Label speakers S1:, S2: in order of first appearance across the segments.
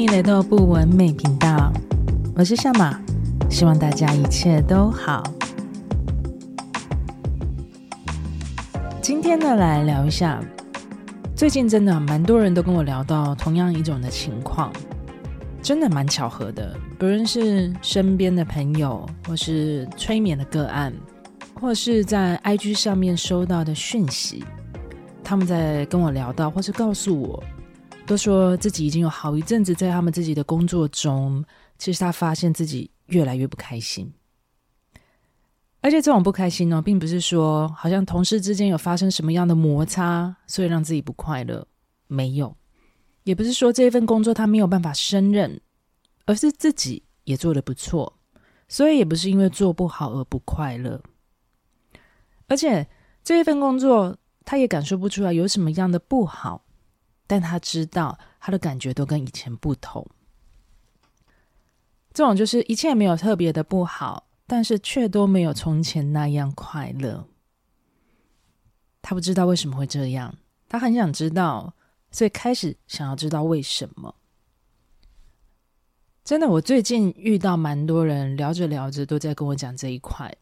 S1: 歡迎來到不完美頻道，我是夏瑪，希望大家一切都好。今天呢，來聊一下最近真的蠻多人都跟我聊到同樣一種的情況，真的蠻巧合的。不論是身邊的朋友，或是催眠的個案，或是在 IG 上面收到的訊息，他們在跟我聊到，或是告訴我。都說自己已經有好一陣子在他們自己的工作中，其實他發現自己越來越不開心。而且這種不開心呢、哦，並不是說好像同事之間有發生什麼樣的摩擦，所以讓自己不快樂。沒有，也不是說這一份工作他沒有辦法勝任，而是自己也做得不錯，所以也不是因為做不好而不快樂。而且這一份工作，他也感受不出來有什麼樣的不好。但他知道，他的感覺都跟以前不同。這種就是一切沒有特別的不好，但是卻都沒有從前那樣快樂。他不知道為什麼會這樣，他很想知道，所以開始想要知道為什麼。真的，我最近遇到蠻多人，聊着聊着都在跟我講這一塊。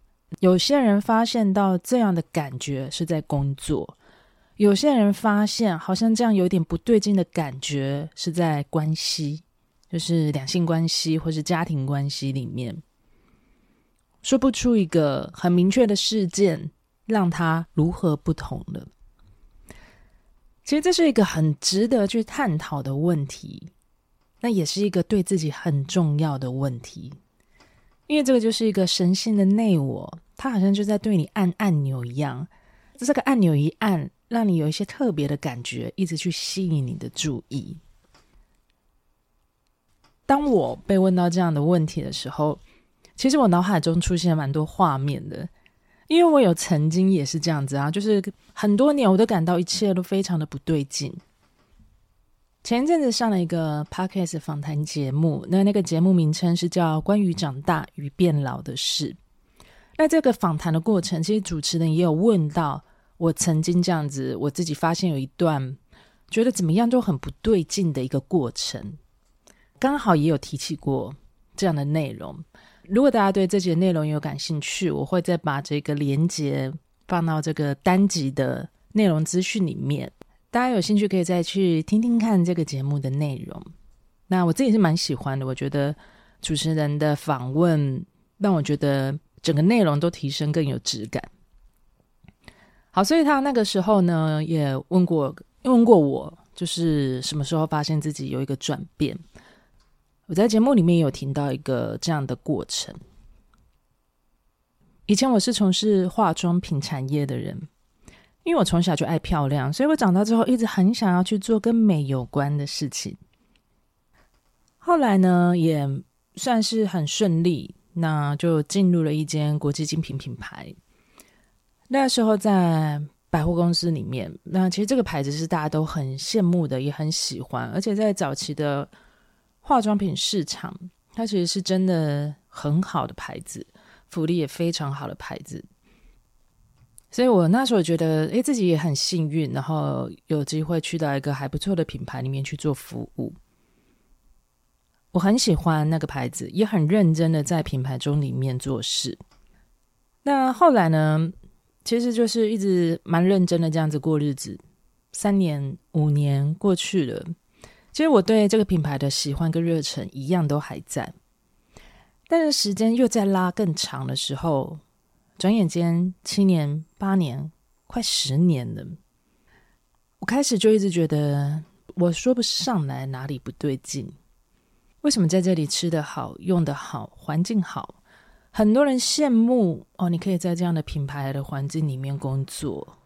S1: 有些人發現到這樣的感覺是在工作。有些人發現，好像這樣有點不對勁的感覺，是在關係，就是兩性關係或是家庭關係裡面，說不出一個很明確的事件，讓他如何不同了。其實這是一個很值得去探討的問題，那也是一個對自己很重要的問題，因為這個就是一個神性的內我，他好像就在對你按按鈕一樣，這個按鈕一按。讓你有一些特別的感覺，一直去吸引你的注意。當我被問到這樣的問題的時候，其實我腦海中出現蠻多畫面的，因為我有曾經也是這樣子啊，就是很多年我都感到一切都非常的不對勁。前一陣子上了一個 Podcast 訪談節目，那那個節目名稱是叫《關於長大與變老的事》。那這個訪談的過程，其實主持人也有問到。我曾經這樣子，我自己發現有一段覺得怎麼樣都很不對勁的一個過程，剛好也有提起過這樣的內容。如果大家對這節內容有感興趣，我會再把這個連結放到這個單集的內容資訊裡面，大家有興趣可以再去聽聽看這個節目的內容。那我自己是蠻喜歡的，我覺得主持人的訪問讓我覺得整個內容都提升更有質感。好，所以他那個時候呢，也問過，問過我，就是什麼時候發現自己有一個轉變。我在節目裡面有聽到一個這樣的過程。以前我是從事化妝品產業的人，因為我從小就愛漂亮，所以我長大之後一直很想要去做跟美有關的事情。後來呢，也算是很順利，那就進入了一間國際精品品牌。那時候在百貨公司裡面，那其實這個牌子，是大家都很羨慕的，也很喜歡。而且在早期的化妝品市場，它其實是真的很好的牌子，福利也非常好的牌子。所以我那時候覺得，哎，自己也很幸運，然後有機會去到一個還不錯的品牌裡面去做服務。我很喜歡那個牌子，也很認真的在品牌中裡面做事。那後來呢？其實就是一直蠻認真的這樣子過日子，三年五年過去了，其實我對這個品牌的喜歡跟熱忱一樣都還在，但是時間又在拉更長的時候，轉眼間七年八年快十年了，我開始就一直覺得，我說不上來哪裡不對勁，為什麼在這裡吃得好、用得好、環境好？很多人羨慕哦，你可以在這樣的品牌的環境裡面工作，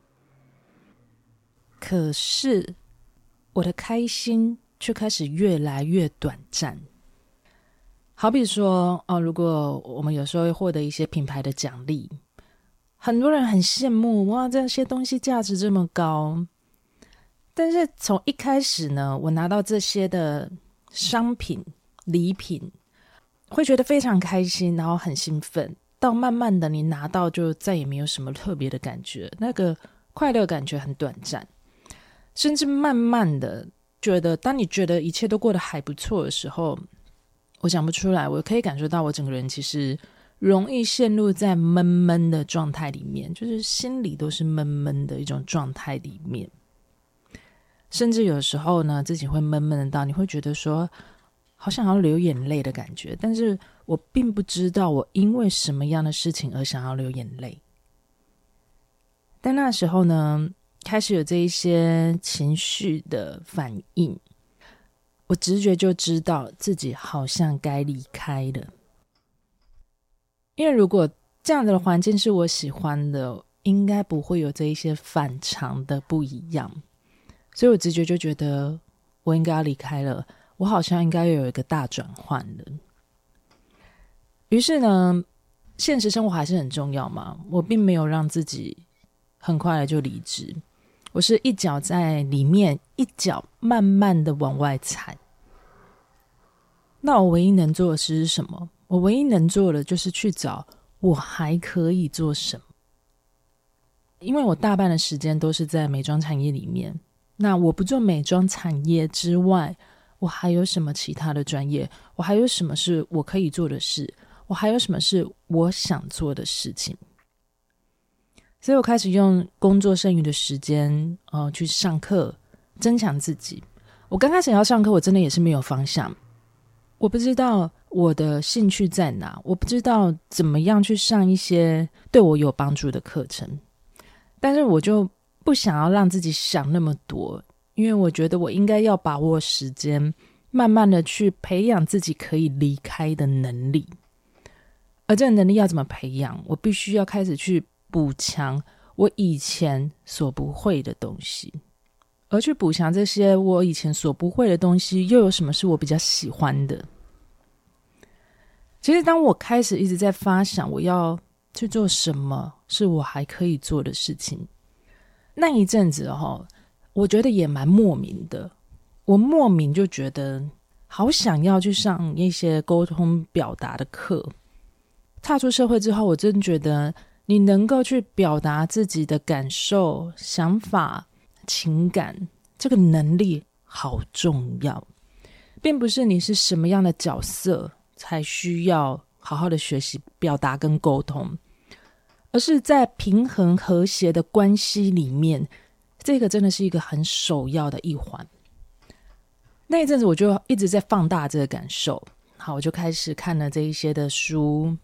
S1: 可是我的開心卻開始越來越短暫。好比說哦，如果我們有時候會獲得一些品牌的獎勵，很多人很羨慕哇，這些東西價值這麼高。但是從一開始呢，我拿到這些的商品、禮品。會覺得非常開心，然後很興奮，到慢慢的你拿到就再也沒有什麼特別的感覺，那個快樂感覺很短暫，甚至慢慢的覺得，當你覺得一切都過得還不錯的時候，我講不出來，我可以感受到我整個人其實容易陷入在悶悶的狀態裡面，就是心裡都是悶悶的一種狀態裡面，甚至有時候呢，自己會悶悶的到，你會覺得說。好想要流眼淚的感覺，但是我並不知道我因為什麼樣的事情而想要流眼淚。但那時候呢，開始有這一些情緒的反應，我直覺就知道自己好像該離開了。因為如果這樣的環境是我喜歡的，應該不會有這一些反常的不一樣。所以我直覺就覺得我應該要離開了。我好像應該有一個大轉換了。於是呢，現實生活還是很重要嘛。我並沒有讓自己很快的就離職，我是一腳在裡面，一腳慢慢的往外踩。那我唯一能做的是什麼？我唯一能做的就是去找我還可以做什麼。因為我大半的時間都是在美妝產業裡面，那我不做美妝產業之外。我還有什麼其他的專業？我還有什麼是我可以做的事？我還有什麼是我想做的事情？所以我開始用工作剩餘的時間，呃，去上課，增強自己。我剛開始要上課，我真的也是沒有方向，我不知道我的興趣在哪，我不知道怎麼樣去上一些對我有幫助的課程。但是我就不想要讓自己想那麼多。因為我覺得我應該要把握時間，慢慢的去培養自己可以離開的能力。而這個能力要怎麼培養？我必須要開始去補強我以前所不會的東西，而去補強這些我以前所不會的東西，又有什麼是我比較喜歡的？其實，當我開始一直在發想我要去做什麼，是我還可以做的事情。那一陣子哈、哦。我覺得也蠻莫名的，我莫名就覺得好想要去上一些溝通表達的課。踏出社會之後，我真覺得你能夠去表達自己的感受、想法、情感，這個能力好重要，並不是你是什麼樣的角色才需要好好的學習表達跟溝通，而是在平衡和諧的關係裡面。這個真的是一個很首要的一環。那一陣子，我就一直在放大這個感受。好，我就開始看了這一些的書，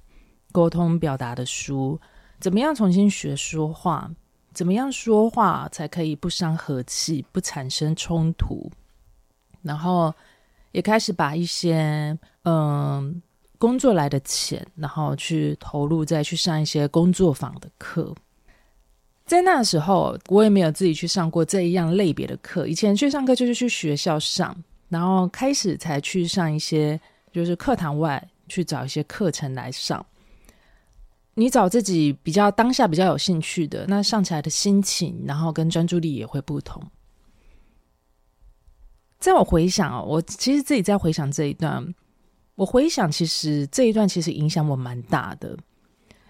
S1: 溝通表達的書，怎麼樣重新學說話，怎麼樣說話才可以不傷和氣，不產生衝突。然後也開始把一些嗯工作來的錢，然後去投入，再去上一些工作坊的課。在那時候，我也沒有自己去上過這一樣類別的課。以前去上課就是去學校上，然後開始才去上一些，就是課堂外去找一些課程來上。你找自己比較當下比較有興趣的，那上起來的心情，然後跟專注力也會不同。在我回想哦，我其實自己在回想這一段，我回想其實這一段其實影響我蠻大的，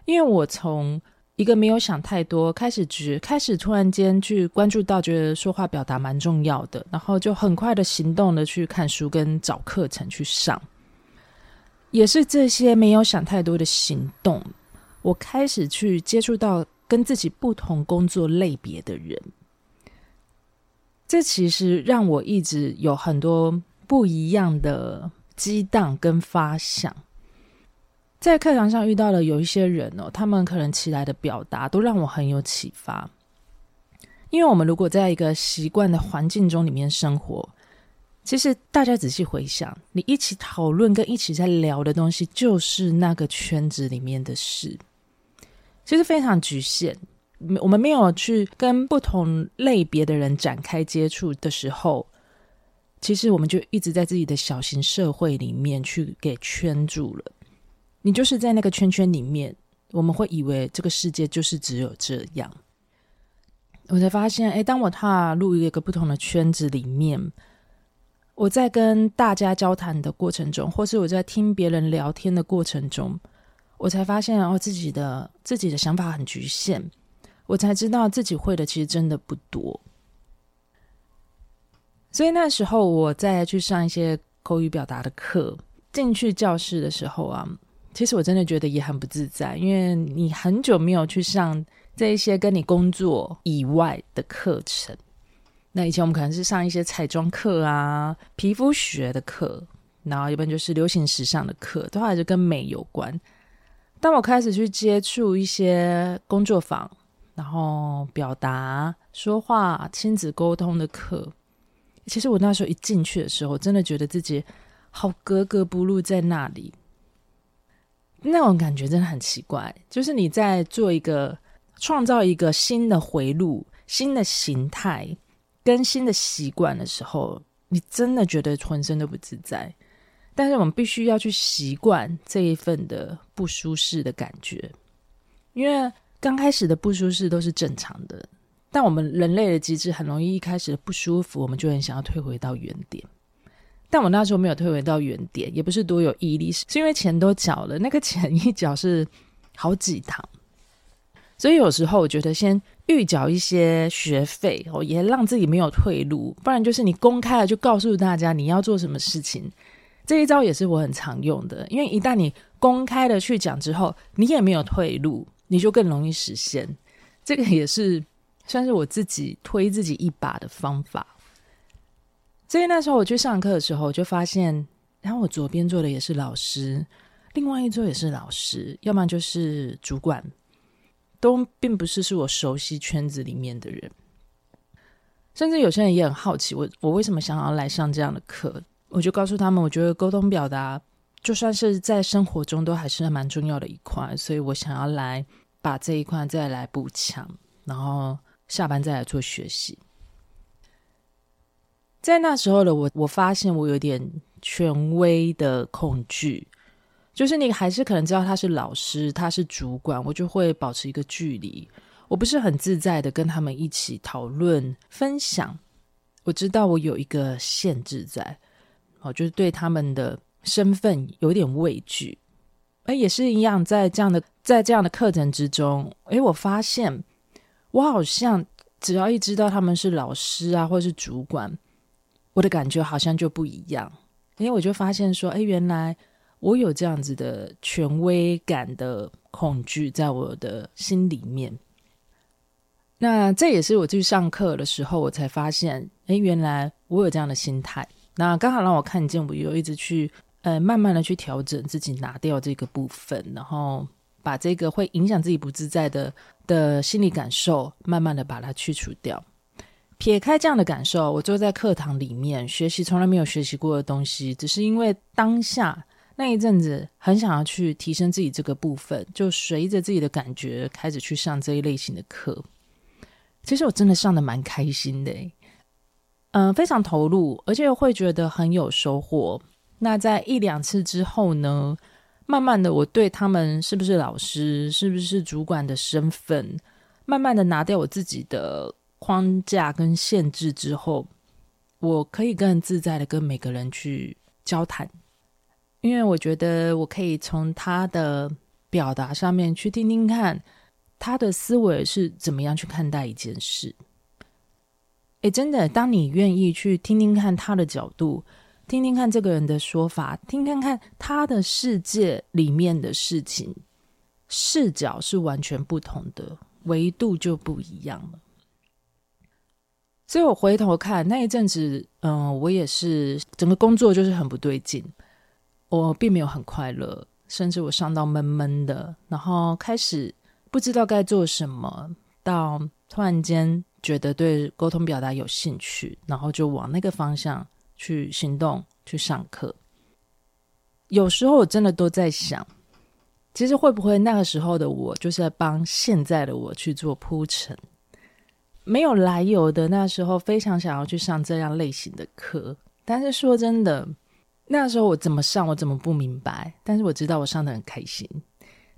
S1: 因為我從，一個沒有想太多，開始覺開始突然間去關注到，覺得說話表達蠻重要的，然後就很快的行動的去看書跟找課程去上。也是這些沒有想太多的行動，我開始去接觸到跟自己不同工作類別的人。這其實讓我一直有很多不一樣的激盪跟發想。在課堂上遇到了有一些人哦，他們可能起來的表達都讓我很有啟發。因為我們如果在一個習慣的環境中裡面生活，其實大家仔細回想，你一起討論跟一起在聊的東西，就是那個圈子裡面的事，其實非常局限。我們沒有去跟不同類別的人展開接觸的時候，其實我們就一直在自己的小型社會裡面去給圈住了。你就是在那個圈圈裡面，我們會以為這個世界就是只有這樣。我才發現，哎，當我踏入一個不同的圈子裡面，我在跟大家交談的過程中，或是我在聽別人聊天的過程中，我才發現哦，自己的自己的想法很局限，我才知道自己會的其實真的不多。所以那時候我再去上一些口語表達的課，進去教室的時候啊。其實我真的覺得也很不自在，因為你很久沒有去上這一些跟你工作以外的課程。那以前我們可能是上一些彩妝課啊、皮膚學的課，然後一般就是流行時尚的課，都還是跟美有關。當我開始去接觸一些工作坊，然後表達、說話、親子溝通的課，其實我那時候一進去的時候，真的覺得自己好格格不入在那裡。那種感覺真的很奇怪，就是你在做一個創造一個新的回路、新的形態、跟新的習慣的時候，你真的覺得渾身都不自在。但是我們必須要去習慣這一份的不舒適的感覺，因為剛開始的不舒適都是正常的。但我們人類的機制很容易一開始不舒服，我們就很想要退回到原點。但我那時候沒有退回到原點，也不是多有毅力，是因為錢都繳了，那個錢一繳是好幾堂，所以有時候我覺得先預繳一些學費，哦，也讓自己沒有退路，不然就是你公開了就告訴大家你要做什麼事情，這一招也是我很常用的，因為一旦你公開的去講之後，你也沒有退路，你就更容易實現，這個也是算是我自己推自己一把的方法。所以那時候我去上課的時候，我就發現，然後我左邊坐的也是老師，另外一桌也是老師，要麼就是主管，都並不是是我熟悉圈子裡面的人。甚至有些人也很好奇我，我為什麼想要來上這樣的課？我就告訴他們，我覺得溝通表達，就算是在生活中都還是蠻重要的一塊，所以我想要來把這一塊再來補強，然後下班再來做學習。在那時候的我，我發現我有點權威的恐懼，就是你還是可能知道他是老師，他是主管，我就會保持一個距離，我不是很自在的跟他們一起討論分享。我知道我有一個限制在，哦，就是對他們的身份有點畏懼。哎，也是一樣，在這樣的在這樣的課程之中，哎，我發現我好像只要一知道他們是老師啊，或是主管。我的感覺好像就不一樣，因為我就發現說，哎，原來我有這樣子的權威感的恐懼在我的心裡面。那這也是我去上課的時候，我才發現，哎，原來我有這樣的心態。那剛好讓我看見，我又一直去，呃，慢慢的去調整自己，拿掉這個部分，然後把這個會影響自己不自在的的心理感受，慢慢的把它去除掉。撇開這樣的感受，我就在課堂裡面學習從來沒有學習過的東西，只是因為當下那一陣子很想要去提升自己這個部分，就隨着自己的感覺開始去上這一類型的課。其實我真的上得蠻開心的欸，嗯，非常投入，而且會覺得很有收穫。那在一兩次之後呢，慢慢的我對他們是不是老師，是不是主管的身份，慢慢的拿掉我自己的。框架跟限制之後，我可以更自在的跟每個人去交談，因為我覺得我可以從他的表達上面去聽聽看他的思維是怎麼樣去看待一件事。誒、欸，真的，當你願意去聽聽看他的角度，聽聽看這個人的說法，聽看看他的世界裡面的事情，視角是完全不同的，維度就不一樣了。所以我回頭看那一陣子，嗯，我也是整個工作就是很不對勁，我並沒有很快樂，甚至我上到悶悶的，然後開始不知道該做什麼，到突然間覺得對溝通表達有興趣，然後就往那個方向去行動去上課。有時候我真的都在想，其實會不會那個時候的我就是在幫現在的我去做鋪陳。沒有來由的，那時候非常想要去上這樣類型的課，但是說真的，那時候我怎麼上，我怎麼不明白。但是我知道我上得很開心，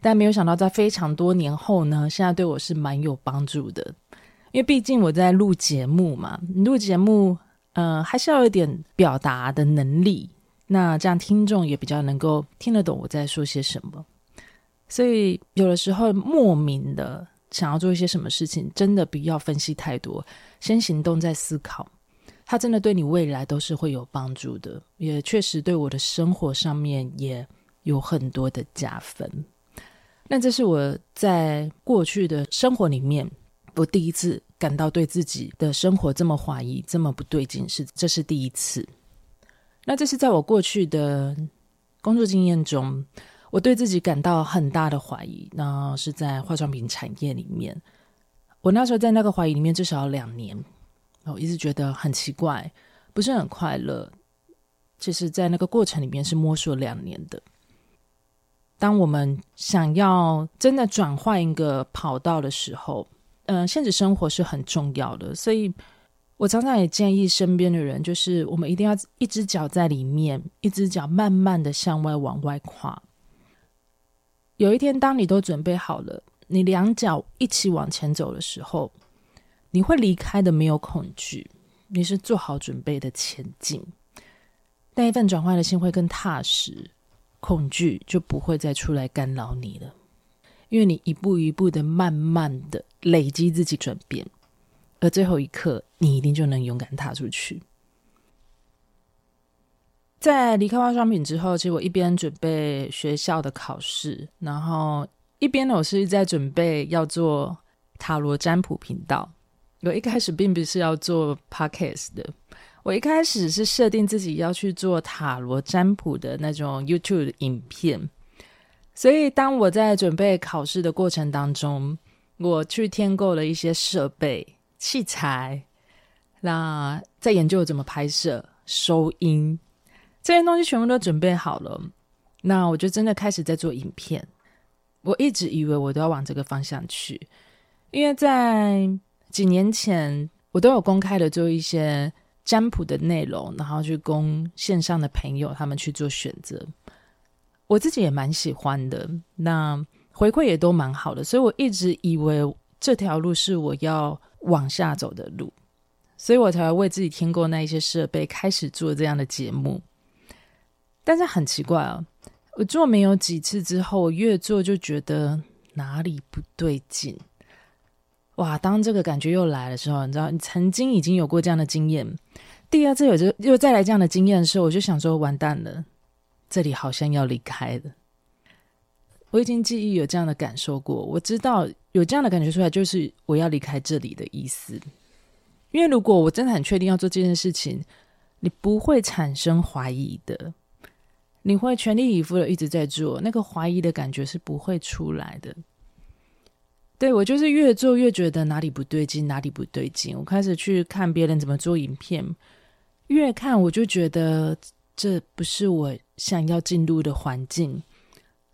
S1: 但沒有想到在非常多年後呢，現在對我是蠻有幫助的，因為畢竟我在錄節目嘛，錄節目，呃，還是要有點表達的能力，那這樣聽眾也比較能夠聽得懂我在說些什麼，所以有的時候莫名的。想要做一些什麼事情，真的不要分析太多，先行動再思考。它真的對你未來都是會有幫助的，也確實對我的生活上面也有很多的加分。那這是我在過去的生活裡面，我第一次感到對自己的生活這麼懷疑，這麼不對勁，是這是第一次。那這是在我過去的工作經驗中。我對自己感到很大的懷疑，那是在化妝品產業裡面。我那時候在那個懷疑裡面至少兩年，我一直覺得很奇怪，不是很快樂。其實在那個過程裡面是摸索兩年的。當我們想要真的轉換一個跑道的時候，呃，現實生活是很重要的，所以我常常也建議身邊的人，就是我們一定要一隻腳在裡面，一隻腳慢慢的向外往外跨。有一天，當你都準備好了，你兩腳一起往前走的時候，你會離開的，沒有恐懼，你是做好準備的前進。那一份轉換的心會更踏實，恐懼就不會再出來干擾你了，因為你一步一步的慢慢的累積自己轉變，而最後一刻，你一定就能勇敢踏出去。在離開化妝品之後，其實我一邊準備學校的考試，然後一邊呢，我是在準備要做塔羅占卜頻道。我一開始並不是要做 podcast 的，我一開始是設定自己要去做塔羅占卜的那種 YouTube 影片。所以，當我在準備考試的過程當中，我去添購了一些設備器材，那在研究怎麼拍攝、收音。這些東西全部都準備好了，那我就真的開始在做影片。我一直以為我都要往這個方向去，因為在幾年前我都有公開的做一些占卜的內容，然後去供線上的朋友他們去做選擇。我自己也蠻喜歡的，那回饋也都蠻好的，所以我一直以為這條路是我要往下走的路，所以我才為自己添購那一些設備，開始做這樣的節目。但是很奇怪啊，哦，我做沒有幾次之後，我越做就覺得哪裡不對勁。哇，當這個感覺又來的時候，你知道，你曾經已經有過這樣的經驗，第二次有這又再來這樣的經驗的時候，我就想說，完蛋了，這裡好像要離開了。我已經記憶有這樣的感受過，我知道有這樣的感覺出來，就是我要離開這裡的意思。因為如果我真的很確定要做這件事情，你不會產生懷疑的。你會全力以赴的一直在做，那個懷疑的感覺是不會出來的。對，我就是越做越覺得哪裡不對勁，哪裡不對勁。我開始去看別人怎麼做影片，越看我就覺得這不是我想要進入的環境，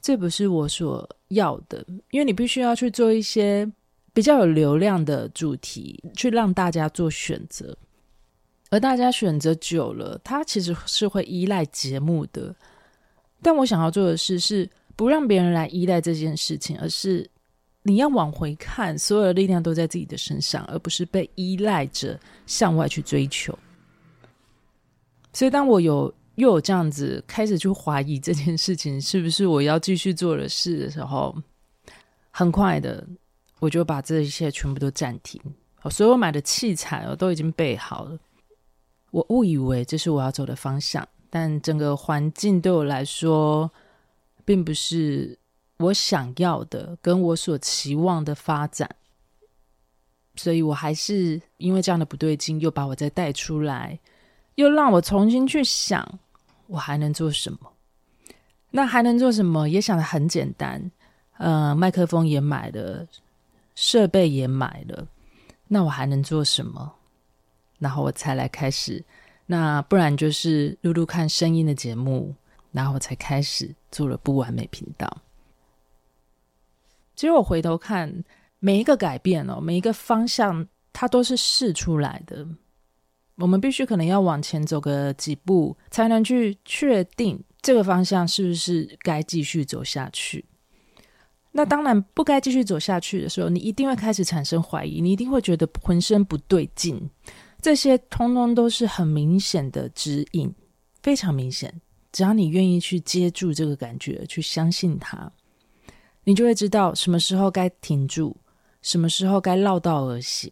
S1: 這不是我所要的。因為你必須要去做一些比較有流量的主題，去讓大家做選擇。而大家選擇久了，他其實是會依賴節目的。但我想要做的事是不讓別人來依賴這件事情，而是你要往回看，所有的力量都在自己的身上，而不是被依賴着向外去追求。所以，當我有又有這樣子開始去懷疑這件事情是不是我要繼續做的事的時候，很快的我就把這一切全部都暫停，所有買的器材我、哦、都已經備好了，我誤以為這是我要走的方向。但整個環境對我來說，並不是我想要的，跟我所期望的發展，所以我還是因為這樣的不對勁，又把我再帶出來，又讓我重新去想，我還能做什麼？那還能做什麼？也想得很簡單，嗯、呃，麥克風也買了，設備也買了，那我還能做什麼？然後我才來開始。那不然就是錄錄看聲音的節目，然後才開始做了不完美頻道。其實我回頭看每一個改變哦，每一個方向，它都是試出來的。我們必須可能要往前走個幾步，才能去確定這個方向是不是該繼續走下去。那當然不該繼續走下去的時候，你一定會開始產生懷疑，你一定會覺得渾身不對勁。這些通通都是很明顯的指引，非常明顯。只要你願意去接住這個感覺，去相信它，你就會知道什麼時候該停住，什麼時候該繞道而行。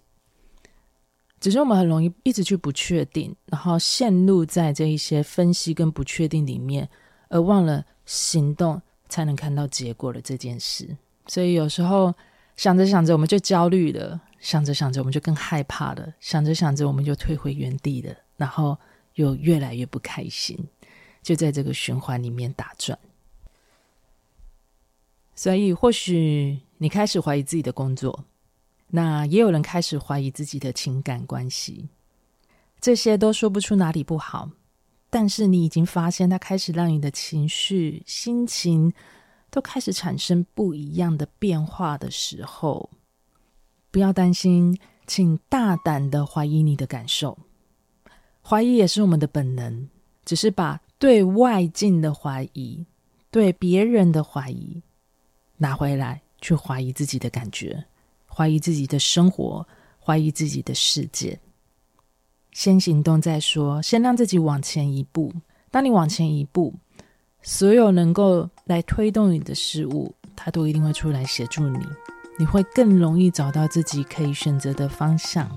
S1: 只是我們很容易一直去不確定，然後陷入在這一些分析跟不確定裡面，而忘了行動才能看到結果的這件事。所以有時候想着想着，我們就焦慮了。想着想着，我們就更害怕了；想着想着，我們就退回原地了，然後又越來越不開心，就在這個循環裡面打轉。所以，或許你開始懷疑自己的工作，那也有人開始懷疑自己的情感關係，這些都說不出哪裡不好，但是你已經發現，它開始讓你的情緒、心情都開始產生不一樣的變化的時候。不要擔心，請大膽的懷疑你的感受。懷疑也是我們的本能，只是把對外境的懷疑、對別人的懷疑拿回來，去懷疑自己的感覺，懷疑自己的生活，懷疑自己的世界。先行動再說，先讓自己往前一步。當你往前一步，所有能夠來推動你的事物，它都一定會出來協助你。你會更容易找到自己可以選擇的方向，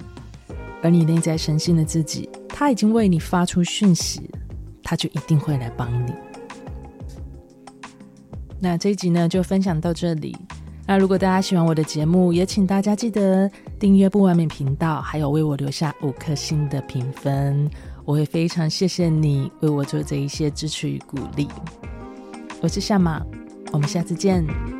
S1: 而你內在神性的自己，他已經為你發出訊息，他就一定會來幫你。那這一集呢，就分享到這裡。那如果大家喜歡我的節目，也請大家記得訂閱不完美頻道，還有為我留下五顆星的評分，我會非常謝謝你為我做這一些支持與鼓勵。我是夏瑪，我們下次見。